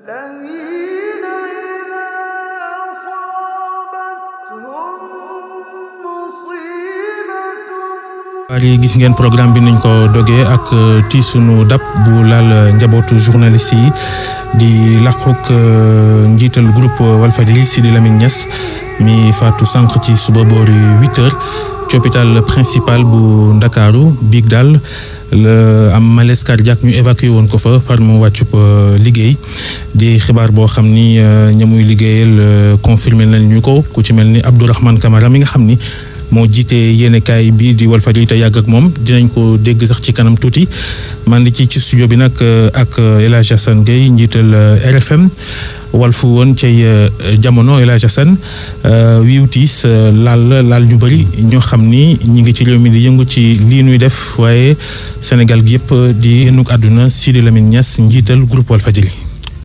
الذين إذا أصابتهم gis ngeen programme bi nañ ko dogee ak euh, tii sunu dab bu laal euh, njabootu journaliste yi di làquk euh, njiital groupe Walfadjri Sidi Lamine Niass mi faatu sànq ci suba boori huit heures principal bu Ndakaaru biig daal la am malaise cardiaque ñu évacué woon ko fa far mu wàccub liggéey di xibaar boo xam ni euh, ñamuy liggéeyal euh, confirmé nañ ñu ko ku ci mel ni Abdourahmane kamara mi nga xam ni moo jiite yéenekaay bii di Walfadjri te yàgg ak moom dinañ ko dégg sax ci kanam tuuti man di ci ci studio bi nag euh, ak El Hadj Assane njiital RFM walfu woon cay jamono El Hadj Assane wiiw tiis laal laal ñu bëri ñoo xam ni ñi ngi ci réew mi di yëngu ci lii nuy def waaye Sénégal gi yëpp di enuk àdduna Sidi lamit Niass njiital groupe Walfadjri